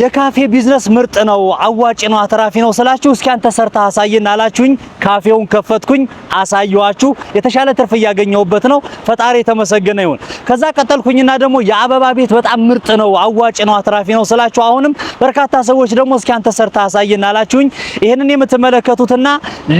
የካፌ ቢዝነስ ምርጥ ነው፣ አዋጭ ነው፣ አትራፊ ነው ስላችሁ እስኪ አንተ ሰርተህ አሳየን አላችሁኝ። ካፌውን ከፈትኩኝ፣ አሳየኋችሁ። የተሻለ ትርፍ እያገኘሁበት ነው። ፈጣሪ የተመሰገነ ይሁን። ከዛ ቀጠልኩኝና ደግሞ የአበባ ቤት በጣም ምርጥ ነው፣ አዋጭ ነው፣ አትራፊ ነው ስላችሁ አሁንም በርካታ ሰዎች ደግሞ እስኪ አንተ ሰርተህ አሳየን አላችሁኝ። ይህንን የምትመለከቱትና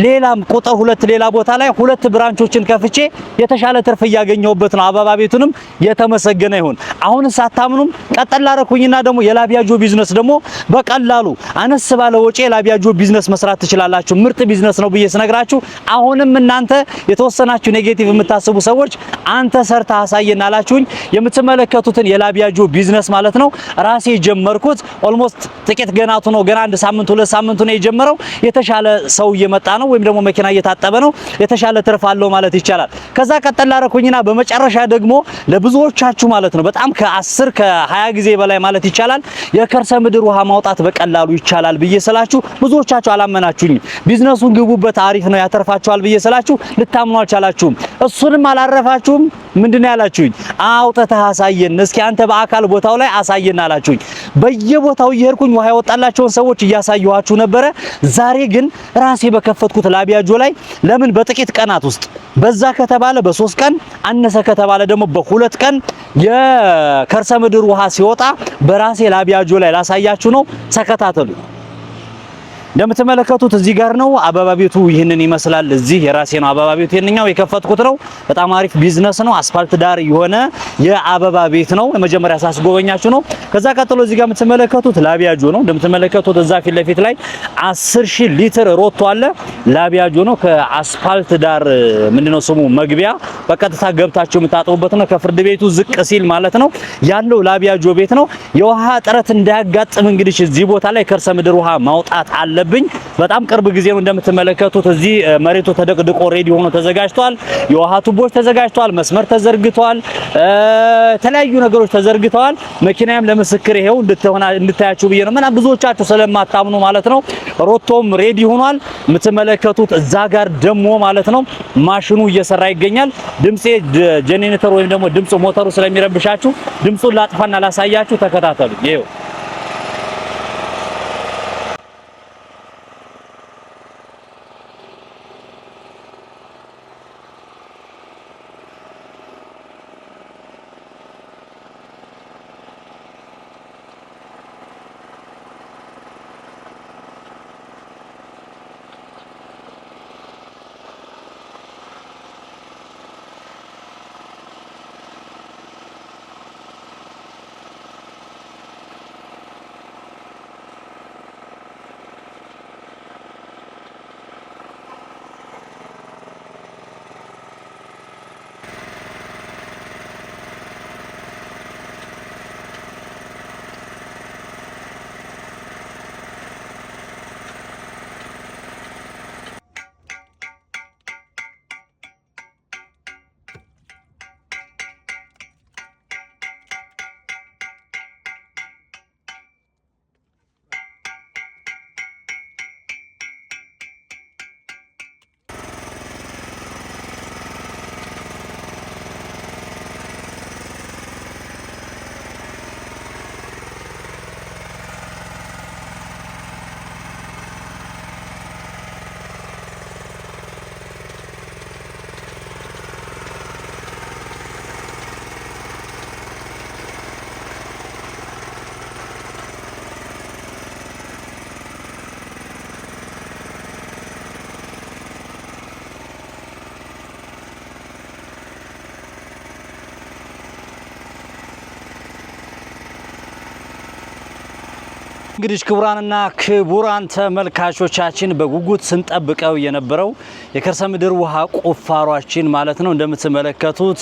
ሌላም ቁጥር ሁለት ሌላ ቦታ ላይ ሁለት ብራንቾችን ከፍቼ የተሻለ ትርፍ እያገኘሁበት ነው። አበባ ቤቱንም የተመሰገነ ይሁን። አሁን ሳታምኑም ቀጠል አደረኩኝና ደግሞ የላቢያጆ ቢዝነስ ቢዝነስ ደግሞ በቀላሉ አነስ ባለ ወጪ ላቢያጆ ቢዝነስ መስራት ትችላላችሁ። ምርጥ ቢዝነስ ነው ብዬ ስነግራችሁ አሁንም እናንተ የተወሰናችሁ ኔጌቲቭ የምታስቡ ሰዎች አንተ ሰርታ አሳየን አላችሁኝ። የምትመለከቱትን የላቢያጆ ቢዝነስ ማለት ነው ራሴ ጀመርኩት። ኦልሞስት ጥቂት ገናቱ ነው። ገና አንድ ሳምንት ሁለት ሳምንቱ ነው የጀመረው። የተሻለ ሰው እየመጣ ነው፣ ወይም ደግሞ መኪና እየታጠበ ነው። የተሻለ ትርፍ አለው ማለት ይቻላል። ከዛ ቀጠል በመጨረሻ ደግሞ ለብዙዎቻችሁ ማለት ነው በጣም ከ20 ጊዜ በላይ ማለት ይቻላል የከርሰ ከምድር ውሃ ማውጣት በቀላሉ ይቻላል ብዬ ስላችሁ ብዙዎቻችሁ አላመናችሁኝም። ቢዝነሱን ግቡበት፣ አሪፍ ነው፣ ያተርፋችኋል ብዬ ስላችሁ ልታምኑ አልቻላችሁም። እሱንም አላረፋችሁም። ምንድነው ያላችሁኝ? አውጥተህ አሳየን እስኪ አንተ በአካል ቦታው ላይ አሳየን አላችሁኝ። በየቦታው እየሄድኩኝ ውሃ ያወጣላቸውን ሰዎች እያሳየኋችሁ ነበረ። ዛሬ ግን ራሴ በከፈትኩት ላቢያጆ ላይ ለምን በጥቂት ቀናት ውስጥ በዛ ከተባለ በሶስት ቀን አነሰ ከተባለ ደግሞ በሁለት ቀን የከርሰ ምድር ውሃ ሲወጣ በራሴ ላቢያጆ ላይ ላሳያችሁ ነው። ተከታተሉ። እንደምትመለከቱት እዚህ ጋር ነው አበባ ቤቱ። ይህንን ይመስላል። እዚህ የራሴ ነው አበባ ቤቱ። ይህንኛው የከፈትኩት ነው። በጣም አሪፍ ቢዝነስ ነው። አስፋልት ዳር የሆነ የአበባ ቤት ነው። የመጀመሪያ ሳስጎበኛችሁ ነው። ከዛ ቀጥሎ እዚህ ጋር የምትመለከቱት ላቢያጆ ነው። እንደምትመለከቱት እዛ ፊት ለፊት ላይ 10000 ሺህ ሊትር ሮቶ አለ። ላቢያጆ ነው። ከአስፋልት ዳር ምንድነው ስሙ መግቢያ በቀጥታ ገብታችሁ የምታጥቡበት ነው። ከፍርድ ቤቱ ዝቅ ሲል ማለት ነው ያለው ላቢያጆ ቤት ነው። የውሃ እጥረት እንዳያጋጥም እንግዲህ እዚህ ቦታ ላይ ከርሰ ምድር ውሃ ማውጣት አለ አለብኝ። በጣም ቅርብ ጊዜ ነው እንደምትመለከቱት እዚህ መሬቱ ተደቅድቆ ሬዲ ሆኖ ተዘጋጅቷል። የውሃ ቱቦች ተዘጋጅቷል፣ መስመር ተዘርግቷል። የተለያዩ ነገሮች ተዘርግተዋል። መኪናም ለምስክር ይሄው እንድታያችሁ ብዬ ነው። ምናምን ብዙዎቻችሁ ስለማታምኑ ማለት ነው። ሮቶም ሬዲ ሆኗል። የምትመለከቱት እዛ ጋር ደሞ ማለት ነው ማሽኑ እየሰራ ይገኛል። ድምጼ ጄኔሬተር ወይም ደግሞ ድምጽ ሞተሩ ስለሚረብሻችሁ ድምጹን ላጥፋና ላሳያችሁ። ተከታተሉ። ይሄው እንግዲህ ክቡራንና ክቡራን ተመልካቾቻችን በጉጉት ስንጠብቀው የነበረው የከርሰ ምድር ውሃ ቁፋሯችን ማለት ነው እንደምትመለከቱት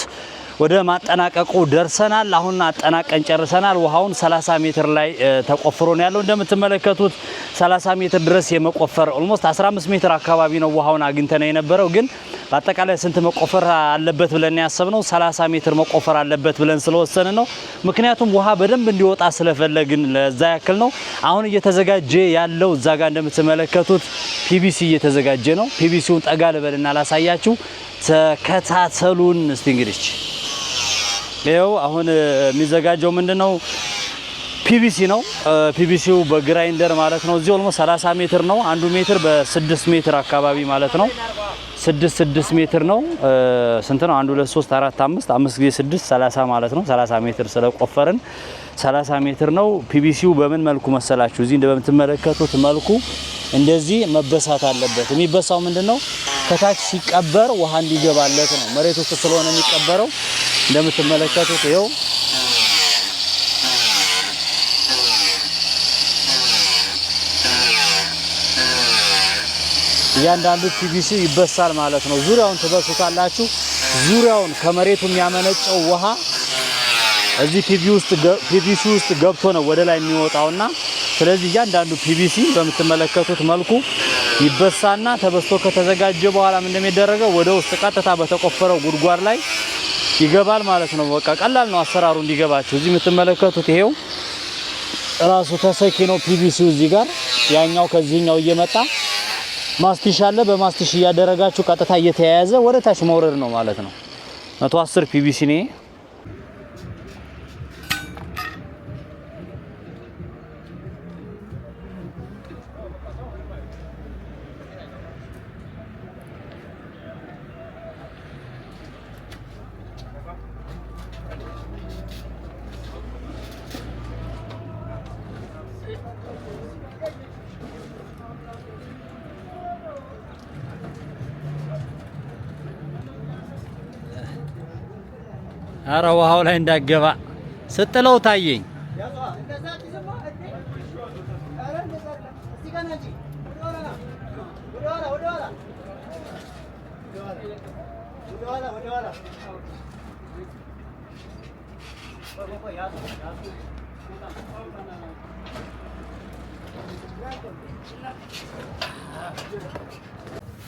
ወደ ማጠናቀቁ ደርሰናል። አሁን አጠናቀን ጨርሰናል። ውሃውን 30 ሜትር ላይ ተቆፍሮ ነው ያለው እንደምትመለከቱት 30 ሜትር ድረስ የመቆፈር ኦልሞስት 15 ሜትር አካባቢ ነው ውሃውን አግኝተን የነበረው ግን በአጠቃላይ ስንት መቆፈር አለበት ብለን ያሰብነው 30 ሜትር መቆፈር አለበት ብለን ስለወሰን ነው። ምክንያቱም ውሃ በደንብ እንዲወጣ ስለፈለግን ለዛ ያክል ነው። አሁን እየተዘጋጀ ያለው እዛ ጋር እንደምትመለከቱት ፒቢሲ እየተዘጋጀ ነው። ፒቢሲውን ጠጋ ልበልና ላሳያችሁ። ተከታተሉን እስቲ እንግዲህ ይኸው አሁን የሚዘጋጀው ምንድን ነው? ፒቢሲ ነው። ፒቢሲው በግራይንደር ማለት ነው። እዚህ ኦልሞ 30 ሜትር ነው። አንዱ ሜትር በ6 ሜትር አካባቢ ማለት ነው። ስድስት ስድስት ሜትር ነው። ስንት ነው? አንድ ሁለት ሶስት አራት አምስት አምስት ጊዜ ስድስት ሰላሳ ማለት ነው። ሰላሳ ሜትር ስለቆፈርን ሰላሳ ሜትር ነው። ፒቪሲው በምን መልኩ መሰላችሁ? እዚህ በምትመለከቱት መልኩ እንደዚህ መበሳት አለበት። የሚበሳው ምንድን ነው? ከታች ሲቀበር ውሃ እንዲገባለት ነው። መሬት ውስጥ ስለሆነ የሚቀበረው እንደምትመለከቱት ይኸው እያንዳንዱ ፒቪሲ ይበሳል ማለት ነው። ዙሪያውን ትበሱታላችሁ። ዙሪያውን ከመሬቱ የሚያመነጨው ውሃ እዚህ ፒቪሲ ውስጥ ገብቶ ነው ወደ ላይ የሚወጣውና ስለዚህ እያንዳንዱ ፒቪሲ በምትመለከቱት መልኩ ይበሳና ተበስቶ ከተዘጋጀ በኋላ ምን እንደሚደረገው ወደ ውስጥ ቀጥታ በተቆፈረው ጉድጓድ ላይ ይገባል ማለት ነው። በቃ ቀላል ነው አሰራሩ እንዲገባችሁ። እዚህ የምትመለከቱት ይሄው ራሱ ተሰኪ ነው ፒቪሲው እዚህ ጋር ያኛው ከዚህኛው እየመጣ ማስቲሽ አለ። በማስቲሽ እያደረጋችሁ ቀጥታ እየተያያዘ ወደ ታች መውረድ ነው ማለት ነው። 110 ነው። አረ ውሃው ላይ እንዳገባ ስጥለው ታየኝ።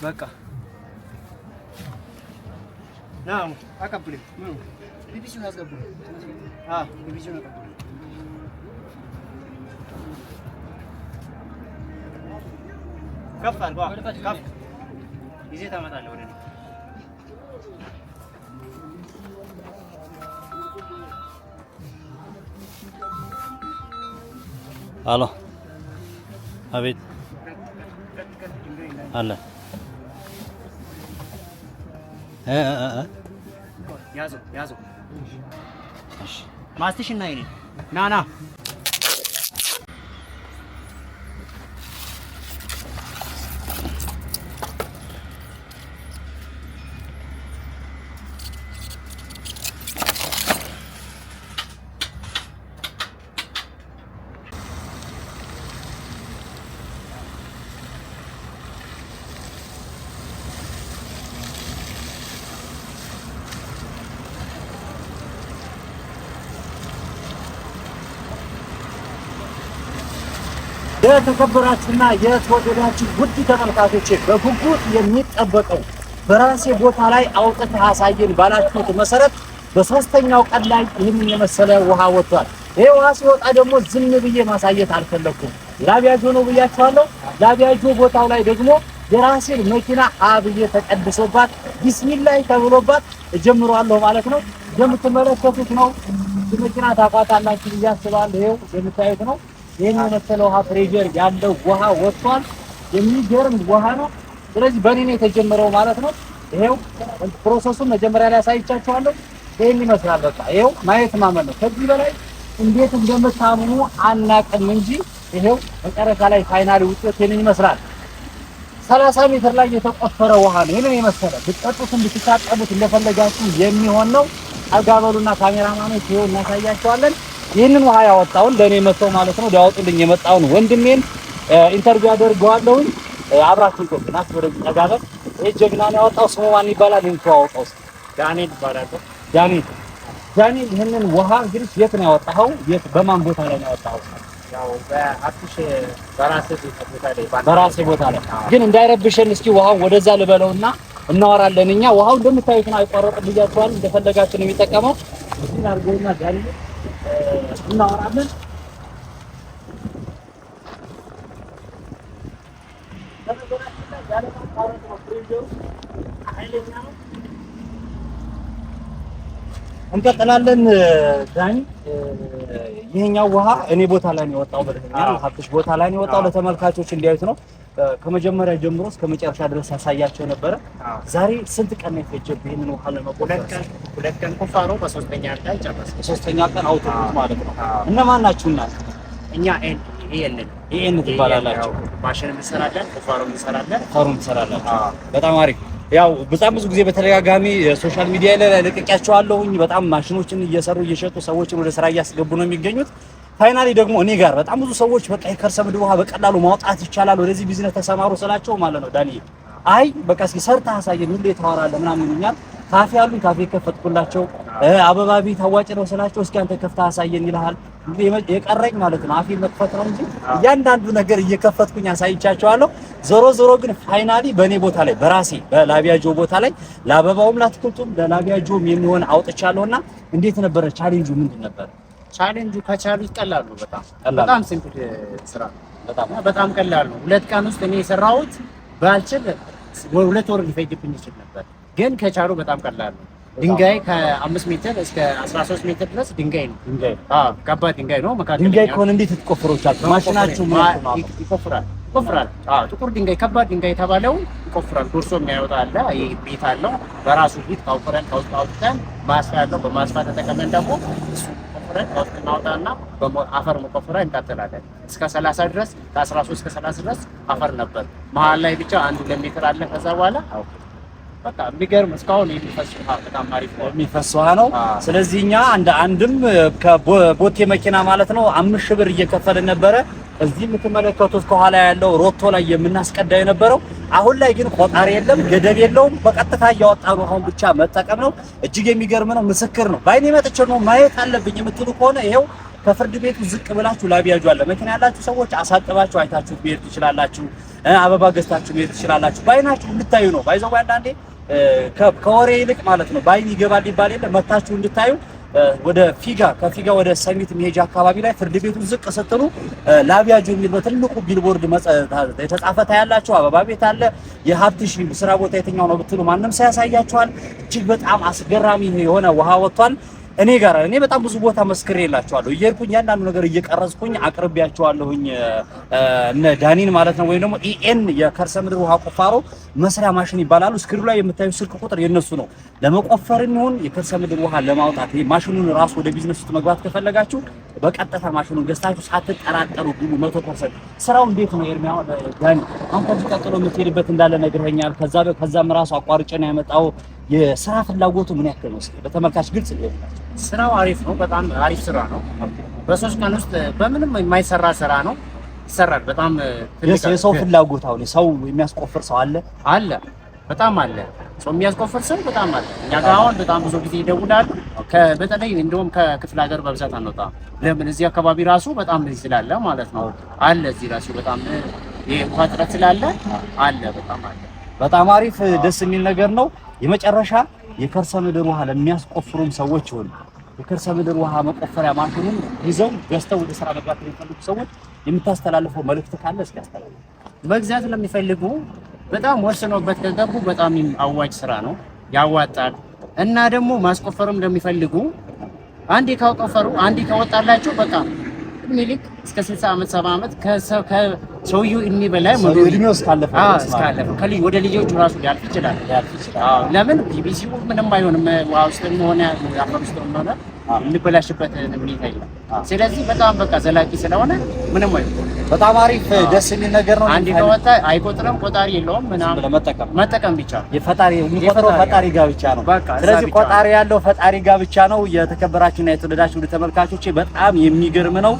በቃ ና አቀብለኝ 비비시면 하세요 아 비비시면 하세요 كف أربعة كف يزيد ما تعلو رين ألو أبيت ألا ها ها ها يازو يازو ማስትሽ እና ይኔ ናና የተከበራችሁና የተወደዳችሁ ውድ ተመልካቾቼ በጉጉት የሚጠበቀው በራሴ ቦታ ላይ አውጥተህ አሳየን ባላችሁት መሰረት በሶስተኛው ቀን ላይ ይህንን የመሰለ ውሃ ወጥቷል። ይህ ውሃ ሲወጣ ደግሞ ዝም ብዬ ማሳየት አልፈለግኩም። ላቢያጆ ነው ብያችኋለሁ። ላቢያጆ ቦታው ላይ ደግሞ የራሴን መኪና አብዬ ተቀድሶባት ቢስሚላይ ተብሎባት እጀምረዋለሁ ማለት ነው። የምትመለከቱት ነው። መኪና ታቋታላችሁ ብዬ አስባለሁ። ይኸው የምታዩት ነው። ይህን የመሰለ ውሃ ፕሬዠር ያለው ውሃ ወጥቷል። የሚገርም ውሃ ነው። ስለዚህ በእኔ ነው የተጀመረው ማለት ነው። ይሄው ፕሮሰሱን መጀመሪያ ላይ አሳይቻችኋለሁ። ይህን ይመስላል። በቃ ይሄው ማየት ማመን ነው። ከዚህ በላይ እንዴት እንደምታምኑ አናቅም እንጂ ይሄው መጨረሻ ላይ ፋይናል ውጤት ይህንን ይመስላል። ሰላሳ ሜትር ላይ የተቆፈረ ውሃ ነው። ይህንን የመሰለ ብትጠጡት ብትታጠቡት እንደፈለጋችሁ የሚሆን ነው። አጋበሉና ካሜራማኖች ይሄው እናሳያቸዋለን። ይህንን ውሃ ያወጣውን ለእኔ መጥተው ማለት ነው ሊያወጡልኝ የመጣውን ወንድሜን ኢንተርቪው አደርገዋለሁኝ። አብራችሁ ቆዩ። ናስ ወደ ተጋበል። ይህ ጀግና ነው ያወጣው። ስሙ ማን ይባላል? እንተዋወቀው። ዳንኤል ይባላል። ዳንኤል ዳንኤል፣ ይህንን ውሃ እንግዲህ የት ነው ያወጣኸው? የት በማን ቦታ ላይ ነው ያወጣኸው? በራሴ ቦታ ላይ ግን እንዳይረብሽን እስኪ ውሃው ወደዛ ልበለው ልበለውና እናወራለን። እኛ ውሃው እንደምታዩት ነው አይቋረጥም ብያችኋል። እንደፈለጋችሁ ነው የሚጠቀመው። እዚህ አድርገውና ዳንኤል እናወራለን። እንቀጥላለን። ዳኒ ይህኛው ውሃ እኔ ቦታ ላይ ነው የወጣው፣ ሀብትሽ ቦታ ላይ ነው የወጣው። ለተመልካቾች እንዲያዩት ነው። ከመጀመሪያ ጀምሮ እስከ መጨረሻ ድረስ ያሳያቸው ነበረ። ዛሬ ስንት ቀን ነው የፈጀብህ ይህንን ውሃ ለመቆለፍ? ሁለት ቀን ቁፋሮ፣ በሶስተኛ ቀን ጨረስን። በሶስተኛ ቀን አውጥቶት ማለት ነው። እነማን ናችሁ እናንተ? እኛ ኤኤንን ኤኤን ትባላላችሁ። ማሽን እንሰራለን፣ ቁፋሮ እንሰራለን፣ ቁፋሮ እንሰራላችሁ። በጣም አሪፍ ያው በጣም ብዙ ጊዜ በተደጋጋሚ ሶሻል ሚዲያ ላይ ለቅቄያቸዋለሁኝ። በጣም ማሽኖችን እየሰሩ እየሸጡ ሰዎችን ወደ ስራ እያስገቡ ነው የሚገኙት። ፋይናሊ ደግሞ እኔ ጋር በጣም ብዙ ሰዎች በቃ የከርሰ ምድር ውሃ በቀላሉ ማውጣት ይቻላል፣ ወደዚህ ቢዝነስ ተሰማሩ ስላቸው ማለት ነው ዳንኤል አይ በቃ እስኪ ሰርተህ አሳየን ሁሌ ታወራለህ ምናምን ይሉኛል። ካፌ አሉኝ፣ ካፌ ከፈትኩላቸው። አበባ ቤት አዋጭ ነው ስላቸው እስኪ አንተ ከፍታ አሳየን ይልሃል። የቀረኝ ማለት ነው አፌ መክፈት ነው እንጂ እያንዳንዱ ነገር እየከፈትኩኝ አሳይቻቸዋለሁ። ዞሮ ዞሮ ግን ፋይናሊ በእኔ ቦታ ላይ በራሴ በላቢያጆ ቦታ ላይ ለአበባውም ላትክልቱም ለላቢያጆም የሚሆን አውጥቻለሁና እንዴት ነበረ ቻሌንጁ ምንድን ነበረ? ቻሌንጁ ከቻሉት ቀላል ነው። በጣም በጣም ሲምፕል eh, ስራ ነው። በጣም ቀላል ነው። ሁለት ቀን ውስጥ እኔ የሰራሁት ባልችል ሁለት ወር ሊፈጅብኝ ይችል ነበር፣ ግን ከቻሉ በጣም ቀላል ነው። ድንጋይ ከአምስት ሜትር እስከ አስራ ሶስት ሜትር ድረስ ድንጋይ ነው። ድንጋይ ከባድ ድንጋይ ነው። መካከል ድንጋይ ከሆነ እንዴት ትቆፍሮቻል? ማሽናችሁ ይቆፍራል ይቆፍራል። ጥቁር ድንጋይ ከባድ ድንጋይ የተባለው ይቆፍራል። ጎርሶ የሚያወጣ አለ። ቤት አለው። በራሱ ቤት ካውፍረን ከውስጥ አውጥተን ማስፋ ያለው በማስፋ ተጠቀመን ደግሞ ቆፍረን ከውስጥ እናወጣና አፈር መቆፈሪያ እንቀጥላለን እስከ 30 ድረስ ከ13 እስከ 30 ድረስ አፈር ነበር። መሀል ላይ ብቻ አንድ ሜትር አለ። ከዛ በኋላ በቃ የሚገርም እስካሁን የሚፈስ ውሃ በጣም አሪፍ ነው፣ የሚፈስ ውሃ ነው። ስለዚህ እኛ አንድ አንድም ከቦቴ መኪና ማለት ነው አምስት ሺህ ብር እየከፈልን ነበረ እዚህ የምትመለከቱት ከኋላ ያለው ሮቶ ላይ የምናስቀዳ የነበረው አሁን ላይ ግን ቆጣሪ የለም፣ ገደብ የለውም። በቀጥታ እያወጣ አሁን ብቻ መጠቀም ነው። እጅግ የሚገርም ነው። ምስክር ነው። በአይኔ መጥቼ ነው ማየት አለብኝ የምትሉ ከሆነ ይሄው ከፍርድ ቤቱ ዝቅ ብላችሁ ላቢያጁ አለ። መኪና ያላችሁ ሰዎች አሳጥባችሁ አይታችሁ መሄድ ትችላላችሁ። አበባ ገዝታችሁ መሄድ ትችላላችሁ። በአይናችሁ እንድታዩ ነው። ባይዘው አንዳንዴ ከወሬ ይልቅ ማለት ነው በአይን ይገባል ይባል የለ መታችሁ እንድታዩ ወደ ፊጋ ከፊጋ ወደ ሰሚት መሄጃ አካባቢ ላይ ፍርድ ቤቱ ዝቅ ስትሉ ላቢያጆ የሚል በትልቁ ቢልቦርድ የተጻፈ ታያላችሁ። አበባ ቤት አለ። የሀብትሽ ስራ ቦታ የትኛው ነው ብትሉ ማንም ሳያሳያችኋል። እጅግ በጣም አስገራሚ የሆነ ውሃ ወጥቷል። እኔ ጋር እኔ በጣም ብዙ ቦታ መስክሬ የላቸዋለሁ እየሄድኩኝ ያንዳንዱ ነገር እየቀረጽኩኝ አቅርቤያቸዋለሁኝ። እነ ዳኒን ማለት ነው ወይም ደግሞ ኢኤን የከርሰ ምድር ውሃ ቁፋሮ መስሪያ ማሽን ይባላሉ። ስክሪኑ ላይ የምታዩ ስልክ ቁጥር የነሱ ነው። ለመቆፈር ይሁን የከርሰ ምድር ውሃ ለማውጣት ማሽኑን ራሱ ወደ ቢዝነስ ውስጥ መግባት ከፈለጋችሁ በቀጥታ ማሽኑ ገዝታችሁ ሳትጠራጠሩ ግቡ። መቶ ፐርሰንት ስራው እንዴት ነው ኤርሚያው? ዳኒ አሁን ከዚህ ቀጥሎ የምትሄድበት እንዳለ ነግረኛል። ከዛ ከዛም ራሱ አቋርጬ ነው ያመጣው። የስራ ፍላጎቱ ምን ያክል ነው? በተመልካች ግልጽ ነው። ስራው አሪፍ ነው። በጣም አሪፍ ስራ ነው። በሶስት ቀን ውስጥ በምንም የማይሰራ ስራ ነው። ይሰራል። በጣም የሰው ፍላጎት አሁን ሰው የሚያስቆፍር ሰው አለ አለ በጣም አለ ሰው የሚያስቆፍር ሰው በጣም አለ። እኛ ጋር አሁን በጣም ብዙ ጊዜ ይደውላሉ። በተለይ እንደውም ከክፍለ ሀገር በብዛት አንወጣም። ለምን እዚህ አካባቢ ራሱ በጣም ስላለ ማለት ነው አለ እዚህ ራሱ በጣም የውሃ እጥረት ስላለ አለ በጣም አለ። በጣም አሪፍ ደስ የሚል ነገር ነው። የመጨረሻ የከርሰ ምድር ውሃ ለሚያስቆፍሩም ሰዎች ሆን የከርሰ ምድር ውሃ መቆፈሪያ ማሽኑን ይዘው ገዝተው ወደ ስራ መግባት የሚፈልጉ ሰዎች የምታስተላልፈው መልእክት ካለ እስኪ መግዛት ለሚፈልጉ በጣም ወስኖበት ከገቡ በጣም አዋጭ ስራ ነው፣ ያዋጣል። እና ደግሞ ማስቆፈርም ለሚፈልጉ አንዴ ካቆፈሩ አንዴ ከወጣላቸው በቃ ሚሊክ እስከ 60 ዓመት 70 ዓመት ከሰውየው እድሜ በላይ ሙሉ እስካለፈ እስካለፈ ወደ ልጆቹ ራሱ ሊያልፍ ይችላል። ይችላል። ለምን ቢቢሲ ምንም አይሆንም፣ ውሃ ውስጥም ሆነ አፈር ውስጥም ሆነ የሚበላሽበት ሁኔታ የለም። ስለዚህ በጣም በቃ ዘላቂ ስለሆነ ምንም አይሆንም። በጣም አሪፍ ደስ የሚል ነገር ነው። አንድ ከወጣ አይቆጥርም፣ ቆጣሪ የለውም ምናምን መጠቀም መጠቀም ብቻ የፈጣሪ የሚቆጥረው ፈጣሪ ጋር ብቻ ነው። ስለዚህ ቆጣሪ ያለው ፈጣሪ ጋር ብቻ ነው። የተከበራችሁና የተወደዳችሁ ተመልካቾቼ በጣም የሚገርም ነው።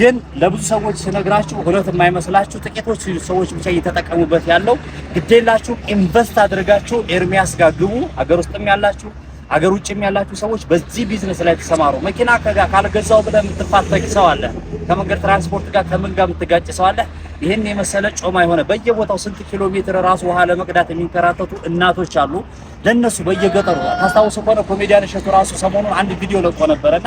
ግን ለብዙ ሰዎች ስነግራችሁ እውነት የማይመስላችሁ ጥቂቶች ሰዎች ብቻ እየተጠቀሙበት ያለው ግዴላችሁ፣ ኢንቨስት አድርጋችሁ ኤርሚያስ ጋር ግቡ። አገር ውስጥም ያላችሁ አገር ውጭም ያላችሁ ሰዎች በዚህ ቢዝነስ ላይ ተሰማሩ። መኪና ከጋ ካልገዛው ብለህ የምትፋተግ ሰው አለ። ከመንገድ ትራንስፖርት ጋር ከምን ጋር የምትጋጭ ሰው አለ። ይህን የመሰለ ጮማ የሆነ በየቦታው ስንት ኪሎ ሜትር ራሱ ውሃ ለመቅዳት የሚንከራተቱ እናቶች አሉ። ለነሱ በየገጠሩ ታስታውሱ ከሆነ ኮሜዲያን እሸቱ ራሱ ሰሞኑን አንድ ቪዲዮ ለቆ ነበረና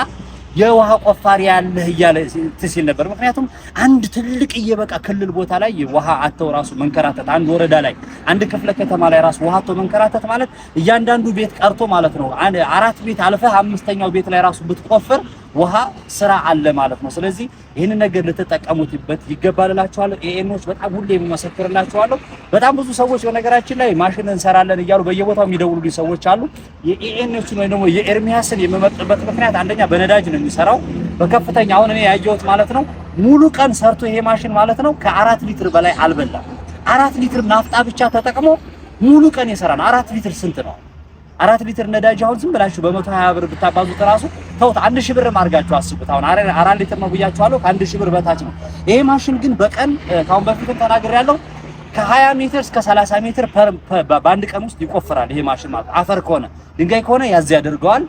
የውሃ ቆፋሪ ያለህ እያለ ትሲል ነበር። ምክንያቱም አንድ ትልቅ በቃ ክልል ቦታ ላይ ውሃ አተው ራሱ መንከራተት፣ አንድ ወረዳ ላይ አንድ ክፍለ ከተማ ላይ ራሱ ውሃ አተው መንከራተት ማለት እያንዳንዱ ቤት ቀርቶ ማለት ነው። አራት ቤት አልፈህ አምስተኛው ቤት ላይ ራሱ ብትቆፍር ውሃ ስራ አለ ማለት ነው። ስለዚህ ይህን ነገር ልትጠቀሙትበት ይገባል እላችኋለሁ። ኤኤኖች በጣም ሁሌ የሚመሰክርላችኋለሁ። በጣም ብዙ ሰዎች በነገራችን ላይ ማሽን እንሰራለን እያሉ በየቦታው የሚደውሉልኝ ሰዎች አሉ። የኤኤኖችን ወይ ደግሞ የኤርሚያስን የምመርጥበት ምክንያት አንደኛ በነዳጅ ነው የሚሰራው በከፍተኛ አሁን እኔ ያየሁት ማለት ነው ሙሉ ቀን ሰርቶ ይሄ ማሽን ማለት ነው ከአራት ሊትር በላይ አልበላም። አራት ሊትር ናፍጣ ብቻ ተጠቅሞ ሙሉ ቀን ይሰራል። አራት ሊትር ስንት ነው? አራት ሊትር ነዳጅ አሁን ዝም ብላችሁ በመቶ ሀያ ብር ብታባዙት ራሱ ተውት፣ አንድ ሺህ ብር ማርጋችሁ አስቡት። አሁን አራት ሊትር ነው ብያችኋለሁ፣ ከአንድ ሺህ ብር በታች ነው። ይሄ ማሽን ግን በቀን ካሁን በፊትም ያለው ከ20 ሜትር እስከ 30 ሜትር በአንድ ቀን ውስጥ ይቆፍራል። ይሄ ማሽን ማለት አፈር ከሆነ ድንጋይ ከሆነ ያዝ ያደርገዋል።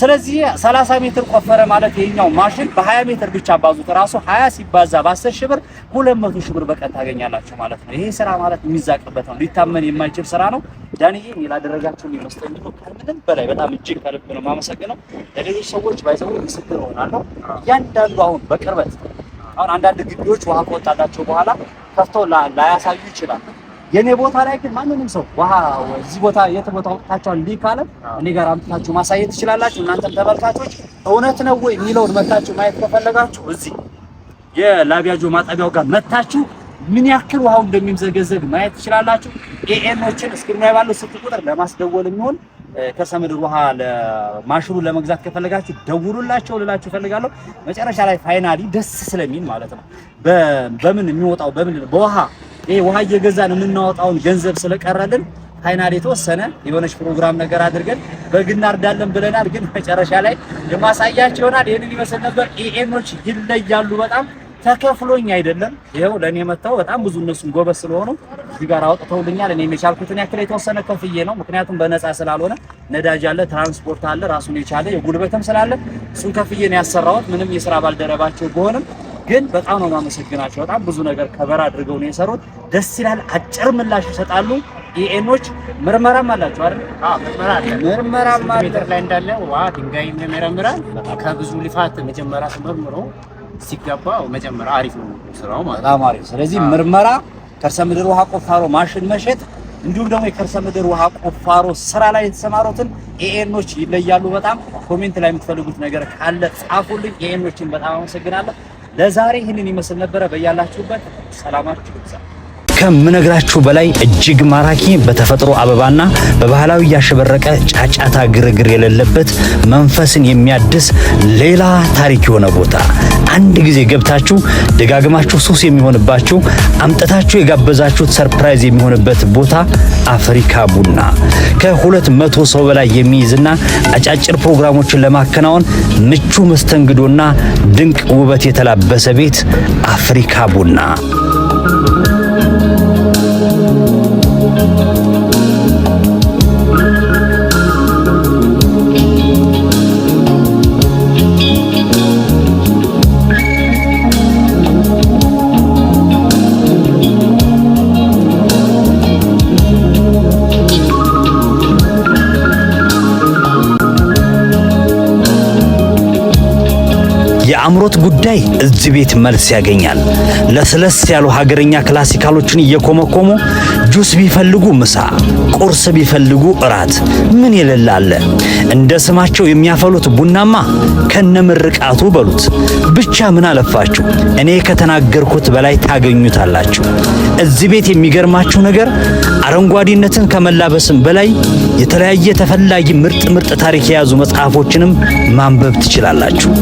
ስለዚህ 30 ሜትር ቆፈረ ማለት ይሄኛው ማሽን በ20 ሜትር ብቻ ባዙት ራሱ 20 ሲባዛ በ10 ሺህ ብር 200 ሺህ ብር በቀን ታገኛላችሁ ማለት ነው። ይሄ ስራ ማለት የሚዛቅበት ነው፣ ሊታመን የማይችል ስራ ነው። ዳንዬ እኔ ላደረጋችሁ ሊመስለኝ ነው። ከምንም በላይ በጣም እጅግ ከልብ ነው የማመሰግነው። ለሌሎች ሰዎች ባይሰሙ ምስክር እሆናለሁ። እያንዳንዱ አሁን በቅርበት አሁን አንዳንድ ግቢዎች ውሃ ከወጣላቸው በኋላ ከፍተው ላያሳዩ ይችላል። የኔ ቦታ ላይ ግን ማንንም ሰው ውሃ እዚህ ቦታ የት ቦታ ወጥታችኋል እንዲህ ካለ እኔ ጋር አምጥታችሁ ማሳየት ትችላላችሁ። እናንተም ተመልካቾች እውነት ነው ወይ የሚለውን መታችሁ ማየት ከፈለጋችሁ እዚህ የላቢያጆ ማጠቢያው ጋር መታችሁ ምን ያክል ውሃው እንደሚምዘገዘግ ማየት ትችላላችሁ። ኤኤኖችን እስክሪኑ ላይ ባለው ስልክ ቁጥር ለማስደወል የሚሆን ከሰምድር ውሃ ለማሽኑ ለመግዛት ከፈለጋችሁ ደውሉላቸው ልላችሁ እፈልጋለሁ። መጨረሻ ላይ ፋይናሊ ደስ ስለሚል ማለት ነው በምን የሚወጣው በምን በውሃ ይሄ ውሃ እየገዛን የምናወጣውን ገንዘብ ስለቀረልን ፋይናል የተወሰነ የሆነች ፕሮግራም ነገር አድርገን በግና እርዳለን ብለናል። ግን መጨረሻ ላይ የማሳያቸው ይሆናል። ይህንን ይመስል ነበር። ኤኤኖች ይለያሉ በጣም ተከፍሎኝ አይደለም። ይኸው ለእኔ መጥተው በጣም ብዙ እነሱን ጎበዝ ስለሆኑ እዚህ ጋር አውጥተውልኛል። እኔ የቻልኩትን ያክል የተወሰነ ከፍዬ ነው። ምክንያቱም በነፃ ስላልሆነ ነዳጅ አለ፣ ትራንስፖርት አለ፣ ራሱን የቻለ የጉልበትም ስላለ እሱን ከፍዬ ነው ያሰራሁት። ምንም የስራ ባልደረባቸው ቢሆንም ግን በጣም ነው ማመሰግናቸው። በጣም ብዙ ነገር ከበር አድርገው ነው የሰሩት። ደስ ይላል። አጭር ምላሽ ይሰጣሉ። ኢኤኖች ምርመራም አላቸው አይደል? አዎ ምርመራ አለ። ምርመራ ሜትር ላይ እንዳለ ዋ ድንጋይ ይመረምራል። ከብዙ ልፋት መጀመሪያ ተመርምሮ ሲገባ መጀመር አሪፍ ነው ስራው ማለት ነው። ስለዚህ ምርመራ፣ ከርሰ ምድር ውሃ ቁፋሮ ማሽን መሸጥ እንዲሁም ደግሞ የከርሰ ምድር ውሃ ቁፋሮ ስራ ላይ የተሰማሩትን ኤኤኖች ይለያሉ። በጣም ኮሜንት ላይ የምትፈልጉት ነገር ካለ ጻፉልኝ። ኤኤኖችን በጣም አመሰግናለሁ። ለዛሬ ይህንን ይመስል ነበረ። በያላችሁበት ሰላማችሁ ይብዛ። ከምነግራችሁ በላይ እጅግ ማራኪ በተፈጥሮ አበባና በባህላዊ ያሸበረቀ ጫጫታ ግርግር የሌለበት መንፈስን የሚያድስ ሌላ ታሪክ የሆነ ቦታ አንድ ጊዜ ገብታችሁ ደጋግማችሁ ሱስ የሚሆንባችሁ አምጠታችሁ የጋበዛችሁት ሰርፕራይዝ የሚሆንበት ቦታ አፍሪካ ቡና ከሁለት መቶ ሰው በላይ የሚይዝና አጫጭር ፕሮግራሞችን ለማከናወን ምቹ መስተንግዶና ድንቅ ውበት የተላበሰ ቤት አፍሪካ ቡና የአእምሮት ጉዳይ እዚህ ቤት መልስ ያገኛል። ለስለስ ያሉ ሀገርኛ ክላሲካሎችን እየኮመኮሙ ጁስ ቢፈልጉ ምሳ፣ ቁርስ ቢፈልጉ እራት፣ ምን አለ? እንደ ስማቸው የሚያፈሉት ቡናማ ከነምርቃቱ በሉት። ብቻ ምን አለፋችሁ እኔ ከተናገርኩት በላይ ታገኙታላችሁ። እዚህ ቤት የሚገርማችሁ ነገር አረንጓዴነትን ከመላበስም በላይ የተለያየ ተፈላጊ ምርጥ ምርጥ ታሪክ የያዙ መጽሐፎችንም ማንበብ ትችላላችሁ።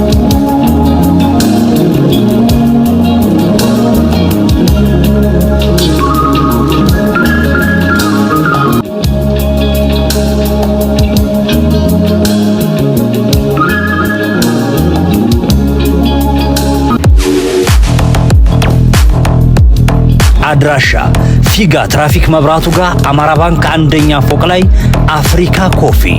አድራሻ ፊጋ ትራፊክ መብራቱ ጋር አማራ ባንክ አንደኛ ፎቅ ላይ አፍሪካ ኮፊ